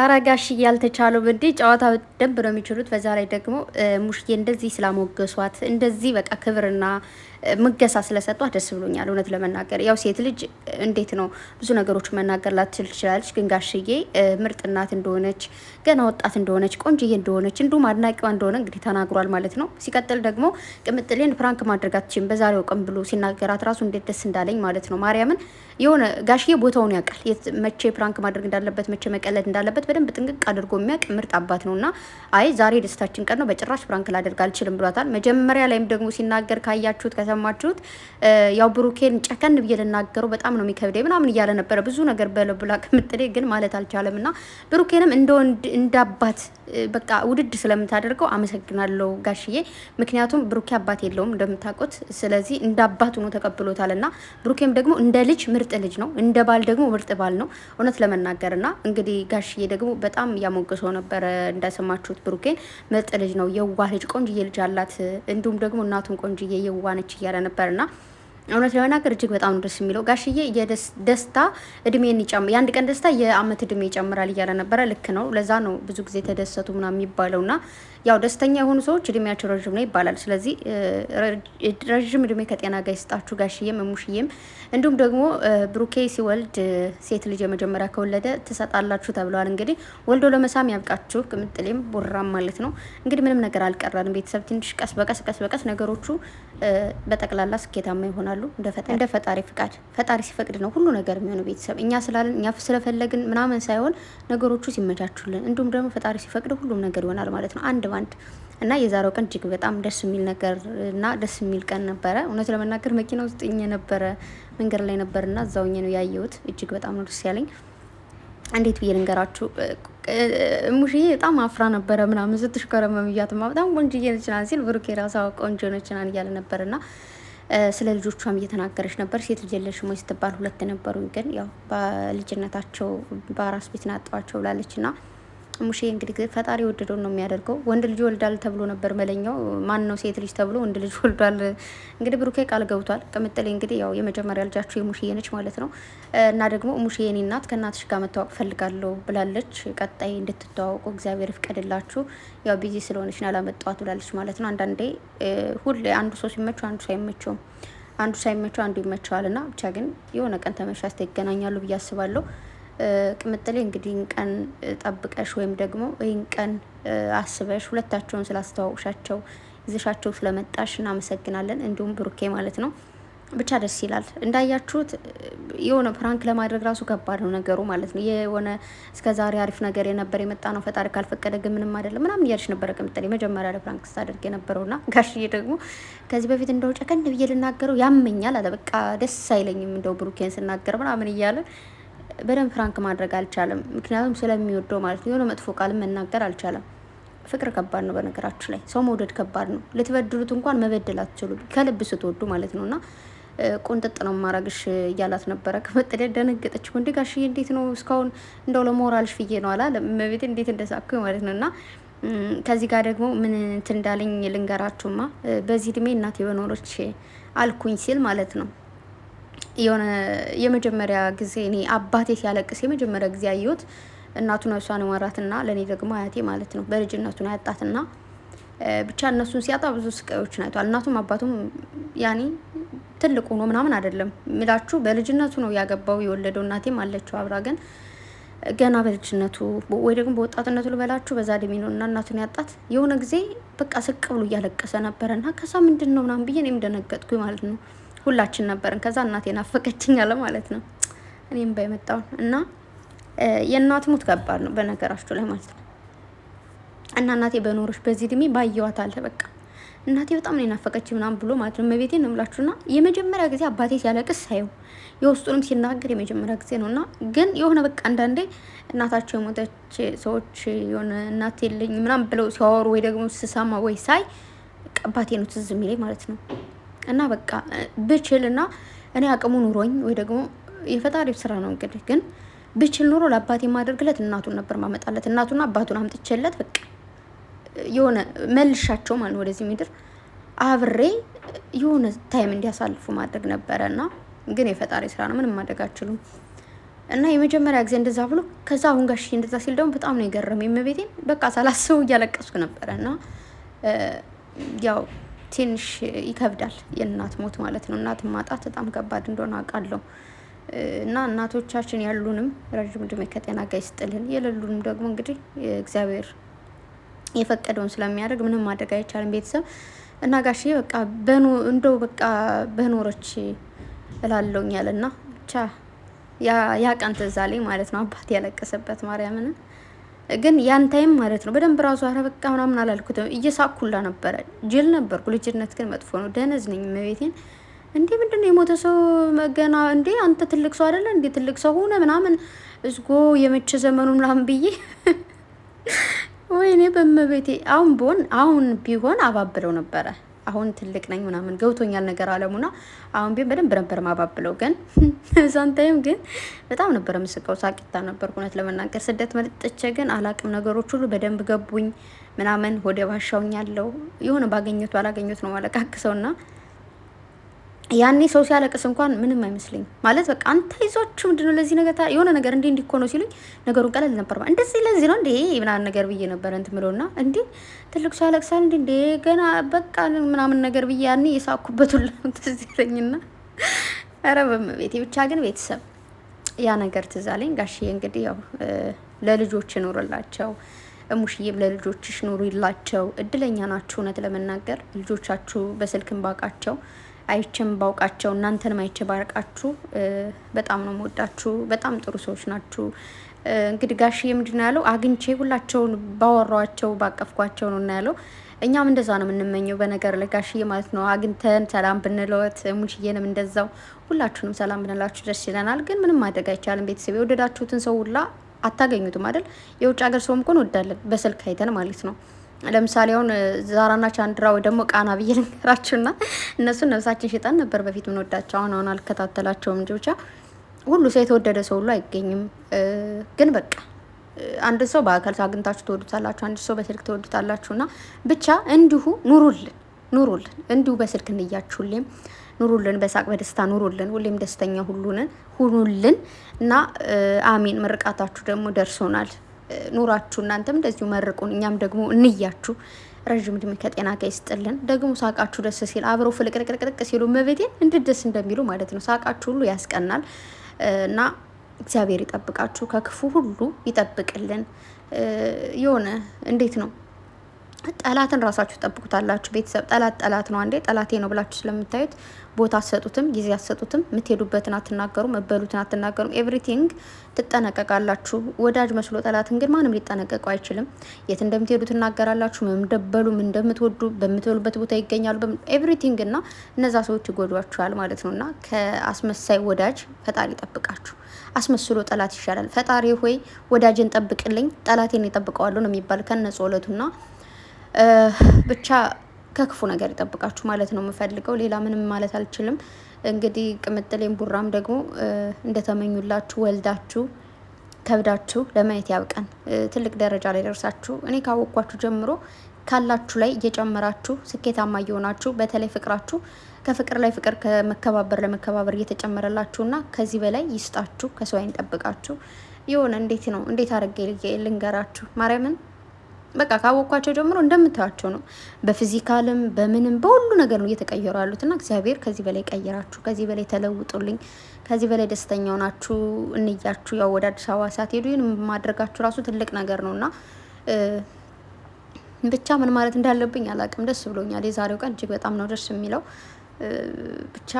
አረጋሽ እያልተቻለው እንዴ ጨዋታ ደንብ ነው የሚችሉት። በዛ ላይ ደግሞ ሙሽዬ እንደዚህ ስላሞገሷት እንደዚህ በቃ ክብርና ምገሳ ስለሰጧት ደስ ብሎኛል። እውነት ለመናገር ያው ሴት ልጅ እንዴት ነው ብዙ ነገሮች መናገር ላትችል ትችላለች። ግን ጋሽዬ ምርጥ እናት እንደሆነች፣ ገና ወጣት እንደሆነች፣ ቆንጅዬ እንደሆነች እንዲሁም አድናቂዋ እንደሆነ እንግዲህ ተናግሯል ማለት ነው። ሲቀጥል ደግሞ ቅምጥሌን ፕራንክ ማድረጋችን በዛሬው ቀን ብሎ ሲናገራት ራሱ እንዴት ደስ እንዳለኝ ማለት ነው። ማርያምን የሆነ ጋሽዬ ቦታውን ያውቃል። መቼ ፕራንክ ማድረግ እንዳለበት፣ መቼ መቀለድ እንዳለበት በደንብ ጥንቅቅ አድርጎ የሚያውቅ ምርጥ አባት ነው እና አይ ዛሬ ደስታችን ቀን ነው በጭራሽ ፕራንክ ላደርግ አልችልም ብሏታል። መጀመሪያ ላይም ደግሞ ሲናገር ካያችሁት እንደሰማችሁት ያው ብሩኬን ጨከን ብዬ ልናገረው በጣም ነው የሚከብደኝ ምናምን እያለ ነበረ። ብዙ ነገር በለብላ ከምጥሌ ግን ማለት አልቻለም። እና ብሩኬንም እንደ ወንድ እንደ አባት በቃ ውድድ ስለምታደርገው አመሰግናለሁ ጋሽዬ። ምክንያቱም ብሩኬ አባት የለውም እንደምታውቁት። ስለዚህ እንደ አባት ሆኖ ተቀብሎታል። እና ብሩኬም ደግሞ እንደ ልጅ ምርጥ ልጅ ነው፣ እንደ ባል ደግሞ ምርጥ ባል ነው እውነት ለመናገር እና እንግዲህ ጋሽዬ ደግሞ በጣም እያሞገሰው ነበረ እንዳሰማችሁት ብሩኬን ምርጥ ልጅ ነው፣ የዋህ ልጅ ቆንጅዬ ልጅ አላት። እንዲሁም ደግሞ እናቱን ቆንጅዬ የዋነች ነች እያለ ነበር ና እውነት ለመናገር እጅግ በጣም ደስ የሚለው ጋሽዬ የደስታ እድሜን ይጨምራል፣ የአንድ ቀን ደስታ የአመት እድሜ ይጨምራል እያለ ነበረ። ልክ ነው። ለዛ ነው ብዙ ጊዜ ተደሰቱ ምናምን የሚባለው ና ያው ደስተኛ የሆኑ ሰዎች እድሜያቸው ረዥም ነው ይባላል። ስለዚህ ረዥም እድሜ ከጤና ጋር ይስጣችሁ ጋሽዬም እሙሽዬም። እንዲሁም ደግሞ ብሩኬ ሲወልድ ሴት ልጅ የመጀመሪያ ከወለደ ትሰጣላችሁ ተብለዋል። እንግዲህ ወልዶ ለመሳም ያብቃችሁ፣ ቅምጥሌም ቦራ ማለት ነው። እንግዲህ ምንም ነገር አልቀረንም ቤተሰብ። ትንሽ ቀስ በቀስ ቀስ በቀስ ነገሮቹ በጠቅላላ ስኬታማ ይሆናል። ይሆናሉ። እንደ ፈጣሪ ፍቃድ፣ ፈጣሪ ሲፈቅድ ነው ሁሉ ነገር የሚሆነው። ቤተሰብ እኛ ስላለን እኛ ስለፈለግን ምናምን ሳይሆን ነገሮቹ ሲመቻቹልን፣ እንዲሁም ደግሞ ፈጣሪ ሲፈቅድ ሁሉም ነገር ይሆናል ማለት ነው። አንድ ባንድ እና የዛሬው ቀን እጅግ በጣም ደስ የሚል ነገርና ደስ የሚል ቀን ነበረ። እውነት ለመናገር መኪና ውስጥ እኛ ነበረ መንገድ ላይ ነበር እና እዛው ነው ያየሁት። እጅግ በጣም ነው ደስ ያለኝ። እንዴት ብዬ ልንገራችሁ? ሙሽዬ በጣም አፍራ ነበረ ምናምን ስትሽከረመም እያትማ በጣም ቆንጅዬ ነችናን ሲል ብሩኬ ራሷ ቆንጆ ነችናን እያለ ነበር ና ስለ ልጆቿም እየተናገረች ነበር። ሴት ልጅ የለሽም ወይ ስትባል ሁለት ነበሩኝ፣ ግን ያው በልጅነታቸው በአራስ ቤት ናጠዋቸው ብላለች ና ሙሼ እንግዲህ ፈጣሪ ወደደውን ነው የሚያደርገው። ወንድ ልጅ ወልዳል ተብሎ ነበር መለኛው ማን ነው ሴት ልጅ ተብሎ ወንድ ልጅ ወልዷል። እንግዲህ ብሩኬ ቃል ገብቷል። ቅምጥሌ እንግዲህ ያው የመጀመሪያ ልጃችሁ የሙሽዬ ነች ማለት ነው እና ደግሞ ሙሽዬ የኔ እናት ከእናትሽ ጋር መታወቅ ፈልጋለሁ ብላለች። ቀጣይ እንድትተዋወቁ እግዚአብሔር ፍቀድላችሁ። ያው ቢዚ ስለሆነች ና ላመጣዋት ብላለች ማለት ነው። አንዳንዴ ሁሌ አንዱ ሰው ሲመቸው አንዱ ሰው አይመቸውም አንዱ ሳይመቸው አንዱ ይመቸዋል። ና ብቻ ግን የሆነ ቀን ተመሻስተ ይገናኛሉ ብዬ አስባለሁ። ቅምጥሌ እንግዲህ ቀን ጠብቀሽ ወይም ደግሞ ይህን ቀን አስበሽ ሁለታቸውን ስላስተዋውቅሻቸው ይዘሻቸው ስለመጣሽ እናመሰግናለን። እንዲሁም ብሩኬ ማለት ነው። ብቻ ደስ ይላል። እንዳያችሁት የሆነ ፕራንክ ለማድረግ ራሱ ከባድ ነው ነገሩ ማለት ነው። የሆነ እስከ ዛሬ አሪፍ ነገር የነበር የመጣ ነው ፈጣሪ ካልፈቀደ ግን ምንም አይደለም ምናምን እያልሽ ነበረ ቅምጥሌ መጀመሪያ ላይ ስታደርግ የነበረው የነበረውና ጋሽዬ ደግሞ ከዚህ በፊት እንደው ጨከን ብዬ ልናገረው ያመኛል አለ። በቃ ደስ አይለኝም እንደው ብሩኬን ስናገር ምናምን እያለን በደንብ ፍራንክ ማድረግ አልቻለም። ምክንያቱም ስለሚወደው ማለት ነው። የሆነ መጥፎ ቃልም መናገር አልቻለም። ፍቅር ከባድ ነው። በነገራችሁ ላይ ሰው መውደድ ከባድ ነው። ልትበድሉት እንኳን መበደል አትችሉ፣ ከልብ ስትወዱ ማለት ነው። እና ቁንጥጥ ነው ማረግሽ እያላት ነበረ። ከመጠለ ደነገጠች። ወንድ ጋሽዬ እንዴት ነው እስካሁን እንደው ለሞራልሽ ፍዬ ነው አላ መቤት እንዴት እንደሳኩ ማለት ነው እና ከዚህ ጋር ደግሞ ምን እንትን እንዳለኝ ልንገራችሁማ። በዚህ እድሜ እናቴ በኖሮች አልኩኝ ሲል ማለት ነው የሆነ የመጀመሪያ ጊዜ እኔ አባቴ ሲያለቅስ የመጀመሪያ ጊዜ አየሁት። እናቱ እሷን ማራትና ለእኔ ደግሞ አያቴ ማለት ነው በልጅነቱን አያጣትና ብቻ እነሱን ሲያጣ ብዙ ስቃዮችን አይቷል። እናቱም አባቱም ያኔ ትልቅ ሆኖ ምናምን አይደለም ምላችሁ በልጅነቱ ነው ያገባው የወለደው። እናቴም አለችው አብራ ግን ገና በልጅነቱ ወይ ደግሞ በወጣትነቱ ልበላችሁ በዛ ድሜ ነው እና እናቱን ያጣት። የሆነ ጊዜ በቃ ስቅ ብሎ እያለቀሰ ነበረ እና ከዛ ምንድን ነው ምናምን ብዬ እኔም ደነገጥኩኝ ማለት ነው። ሁላችን ነበርን። ከዛ እናቴ ናፈቀችኝ አለ ማለት ነው። እኔም ባይመጣው እና የእናት ሞት ከባድ ነው በነገራችሁ ላይ ማለት ነው። እና እናቴ በኖሮች በዚህ እድሜ ባየዋት አለ በቃ እናቴ በጣም ነው የናፈቀች ምናምን ብሎ ማለት ነው። መቤቴ ነው የምላችሁና የመጀመሪያ ጊዜ አባቴ ሲያለቅስ ሳየው የውስጡንም ሲናገር የመጀመሪያ ጊዜ ነው። እና ግን የሆነ በቃ አንዳንዴ እናታቸው የሞተች ሰዎች የሆነ እናት የለኝ ምናምን ብለው ሲያወሩ ወይ ደግሞ ስሰማ ወይ ሳይ አባቴ ነው ትዝ የሚለኝ ማለት ነው። እና በቃ ብችል እና እኔ አቅሙ ኑሮኝ ወይ ደግሞ የፈጣሪው ስራ ነው እንግዲህ ግን ብችል ኑሮ ለአባቴ የማደርግለት እናቱን ነበር ማመጣለት። እናቱና አባቱን አምጥቼለት በቃ የሆነ መልሻቸው ማለት ወደዚህ ምድር አብሬ የሆነ ታይም እንዲያሳልፉ ማድረግ ነበረ እና ግን የፈጣሪ ስራ ነው፣ ምንም ማድረግ አችሉም እና የመጀመሪያ ጊዜ እንደዛ ብሎ ከዛ አሁን ጋሽ እንደዛ ሲል ደግሞ በጣም ነው የገረመኝ። የመቤቴን በቃ ሳላስበው እያለቀስኩ ነበረ እና ያው ትንሽ ይከብዳል። የእናት ሞት ማለት ነው። እናት ማጣት በጣም ከባድ እንደሆነ አውቃለሁ። እና እናቶቻችን ያሉንም ረዥም እድሜ ከጤና ጋር ይስጥልን፣ የሌሉንም ደግሞ እንግዲህ እግዚአብሔር የፈቀደውን ስለሚያደርግ ምንም ማድረግ አይቻልም። ቤተሰብ እና ጋሼ በቃ እንደው በቃ በኖረች እላለውኛል እና ብቻ ያ ቀን ትዝ አለኝ ማለት ነው አባት ያለቀሰበት ማርያምን ግን ያን ታይም ማለት ነው በደንብ ራሱ አረ በቃ ምናምን አላልኩትም። እየሳኩላ ነበረ። ጅል ነበርኩ። ልጅነት ግን መጥፎ ነው። ደነዝ ነኝ። መቤቴን እንዴ ምንድነው የሞተ ሰው መገና እንዴ አንተ ትልቅ ሰው አይደለ እንዴ ትልቅ ሰው ሆነ ምናምን እዝጎ የመቼ ዘመኑ ምናምን ብዬ ወይኔ በመቤቴ አሁን ቢሆን አሁን ቢሆን አባብለው ነበረ። አሁን ትልቅ ነኝ ምናምን ገብቶኛል ነገር አለሙና አሁን ቢሆን በደንብ ነበር ማባብለው። ግን ሳንታይም ግን በጣም ነበር የምስቀው፣ ሳቂታ ነበር እውነት ለመናገር ስደት መጥቼ ግን አላቅም ነገሮች ሁሉ በደንብ ገቡኝ ምናምን ወደ ባሻውኛለው። ያለው የሆነ ባገኘቱ አላገኘት ነው ማለቃቅሰውና ያኔ ሰው ሲያለቅስ እንኳን ምንም አይመስልኝ ማለት በቃ አንተ ይዟችሁ ነው ለዚህ ነገር የሆነ ነገር እንዲህ እንዲህ እኮ ነው ሲሉኝ ነገሩን ቀለል ነበር። እንደዚህ ለዚህ ነው እንዴ ምናምን ነገር ብዬ ነበረ እንትን ብለው እና እንዴ ትልቅ ሰው ያለቅሳል እንዴ እንዴ ገና በቃ ምናምን ነገር ብዬ ያኔ የሳኩበት ሁላ ትዝ ይለኝና ኧረ በመቤቴ ብቻ ግን ቤተሰብ ያ ነገር ትዝ አለኝ። ጋሽዬ እንግዲህ ያው ለልጆች ኑርላቸው ሙሽዬም ለልጆችሽ ኑሩ ይላቸው። እድለኛ ናችሁ። እውነት ለመናገር ልጆቻችሁ በስልክ እንባቃቸው አይቼም ባውቃቸው እናንተንም አይቼ ባርቃችሁ በጣም ነው የምወዳችሁ። በጣም ጥሩ ሰዎች ናችሁ። እንግዲህ ጋሽዬ ምንድን ነው ያለው? አግኝቼ ሁላቸውን ባወሯቸው ባቀፍኳቸው ነው እና ያለው። እኛም እንደዛ ነው የምንመኘው። በነገር ላይ ጋሽዬ ማለት ነው አግኝተን ሰላም ብንለወት፣ ሙሽዬንም እንደዛው ሁላችሁንም ሰላም ብንላችሁ ደስ ይለናል። ግን ምንም ማድረግ አይቻልም። ቤተሰብ የወደዳችሁትን ሰው ሁላ አታገኙትም አይደል? የውጭ ሀገር ሰውም እኮ እንወዳለን በስልክ አይተን ማለት ነው ለምሳሌ አሁን ዛራና ቻንድራ ወይ ደግሞ ቃና ብዬ ልንገራችሁና እነሱን ነፍሳችን ሽጠን ነበር በፊት ምንወዳቸው። አሁን አሁን አልከታተላቸውም እንጂ ብቻ ሁሉ ሰው የተወደደ ሰው ሁሉ አይገኝም። ግን በቃ አንድ ሰው በአካል አግኝታችሁ ትወዱታላችሁ፣ አንድ ሰው በስልክ ትወዱታላችሁና ብቻ እንዲሁ ኑሩልን ኑሩልን እንዲሁ በስልክ እንያችሁልም ኑሩልን፣ በሳቅ በደስታ ኑሩልን። ሁሌም ደስተኛ ሁሉንን ሁኑልን እና አሚን። ምርቃታችሁ ደግሞ ደርሶናል። ኑራችሁ እናንተም እንደዚሁ መርቁን፣ እኛም ደግሞ እንያችሁ። ረዥም እድሜ ከጤና ጋር ይስጥልን። ደግሞ ሳቃችሁ ደስ ሲል አብሮ ፍልቅልቅልቅ ሲሉ መቤቴን እንድት ደስ እንደሚሉ ማለት ነው። ሳቃችሁ ሁሉ ያስቀናል እና እግዚአብሔር ይጠብቃችሁ፣ ከክፉ ሁሉ ይጠብቅልን። የሆነ እንዴት ነው ጠላትን ራሳችሁ ጠብቁታላችሁ። ቤተሰብ ጠላት ጠላት ነው። አንዴ ጠላቴ ነው ብላችሁ ስለምታዩት ቦታ አትሰጡትም፣ ጊዜ አትሰጡትም፣ የምትሄዱበትን አትናገሩም፣ መበሉትን አትናገሩም። ኤቭሪቲንግ ትጠነቀቃላችሁ። ወዳጅ መስሎ ጠላትን ግን ማንም ሊጠነቀቁ አይችልም። የት እንደምትሄዱ ትናገራላችሁ። እንደበሉም እንደምትወዱ በምትበሉበት ቦታ ይገኛሉ። ኤቭሪቲንግ እና እነዛ ሰዎች ይጎዷችኋል ማለት ነው እና ከአስመሳይ ወዳጅ ፈጣሪ ይጠብቃችሁ። አስመስሎ ጠላት ይሻላል። ፈጣሪ ሆይ ወዳጅን ጠብቅልኝ፣ ጠላቴን ይጠብቀዋለሁ ነው የሚባል ከነጾለቱና ብቻ ከክፉ ነገር ይጠብቃችሁ ማለት ነው የምፈልገው። ሌላ ምንም ማለት አልችልም። እንግዲህ ቅምጥሌም ቡራም ደግሞ እንደተመኙላችሁ ወልዳችሁ ከብዳችሁ ለማየት ያብቀን ትልቅ ደረጃ ላይ ደርሳችሁ እኔ ካወቅኳችሁ ጀምሮ ካላችሁ ላይ እየጨመራችሁ ስኬታማ እየሆናችሁ በተለይ ፍቅራችሁ ከፍቅር ላይ ፍቅር ከመከባበር ለመከባበር እየተጨመረላችሁና ከዚህ በላይ ይስጣችሁ። ከሰው አይን ጠብቃችሁ የሆነ እንዴት ነው እንዴት አድርጌ ልንገራችሁ ማርያምን በቃ ካወቅኳቸው ጀምሮ እንደምታያቸው ነው። በፊዚካልም በምንም በሁሉ ነገር ነው እየተቀየሩ ያሉት እና እግዚአብሔር ከዚህ በላይ ቀይራችሁ፣ ከዚህ በላይ ተለውጡልኝ፣ ከዚህ በላይ ደስተኛው ናችሁ እንያችሁ። ያው ወደ አዲስ አበባ ሳትሄዱ ይህን ማድረጋችሁ ራሱ ትልቅ ነገር ነው እና ብቻ ምን ማለት እንዳለብኝ አላቅም። ደስ ብሎኛል። የዛሬው ቀን እጅግ በጣም ነው ደስ የሚለው። ብቻ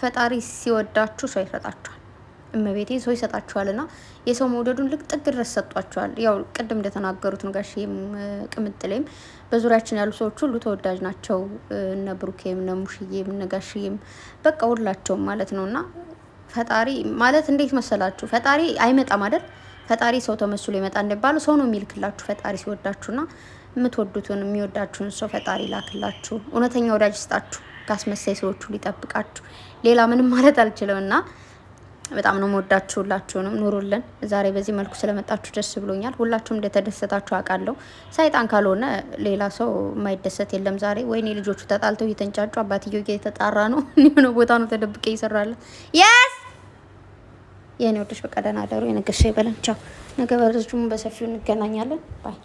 ፈጣሪ ሲወዳችሁ ሰው ይሰጣችኋል። እመቤቴ ሰው ይሰጣችኋል እና የሰው መውደዱን ልክ ጥግ ድረስ ሰጧችኋል። ያው ቅድም እንደተናገሩት ነው ጋሽም ቅምጥሌም በዙሪያችን ያሉ ሰዎች ሁሉ ተወዳጅ ናቸው። እነ ብሩኬም እነ ሙሽዬም እነ በቃ ሁላቸውም ማለት ነው እና ፈጣሪ ማለት እንዴት መሰላችሁ ፈጣሪ አይመጣም አይደል? ፈጣሪ ሰው ተመስሎ ይመጣ እንደሚባለው ሰው ነው የሚልክላችሁ ፈጣሪ ሲወዳችሁና የምትወዱትን የሚወዳችሁን ሰው ፈጣሪ ላክላችሁ። እውነተኛ ወዳጅ ይስጣችሁ። ካስመሳይ ሰዎች ሊጠብቃችሁ ሌላ ምንም ማለት አልችልም እና በጣም ነው መወዳችሁ። ሁላችሁንም ኑሩልን። ዛሬ በዚህ መልኩ ስለመጣችሁ ደስ ብሎኛል። ሁላችሁም እንደተደሰታችሁ አውቃለሁ። ሰይጣን ካልሆነ ሌላ ሰው የማይደሰት የለም። ዛሬ ወይኔ ልጆቹ ተጣልተው እየተንጫጩ አባትየው እየተጣራ ነው። የሆነ ቦታ ነው ተደብቀ ይሰራለ የስ የኔ ወዶች በቀደና ደሩ። የነገሻ ይበለን። ቻው። ነገ በረዙም በሰፊው እንገናኛለን ባይ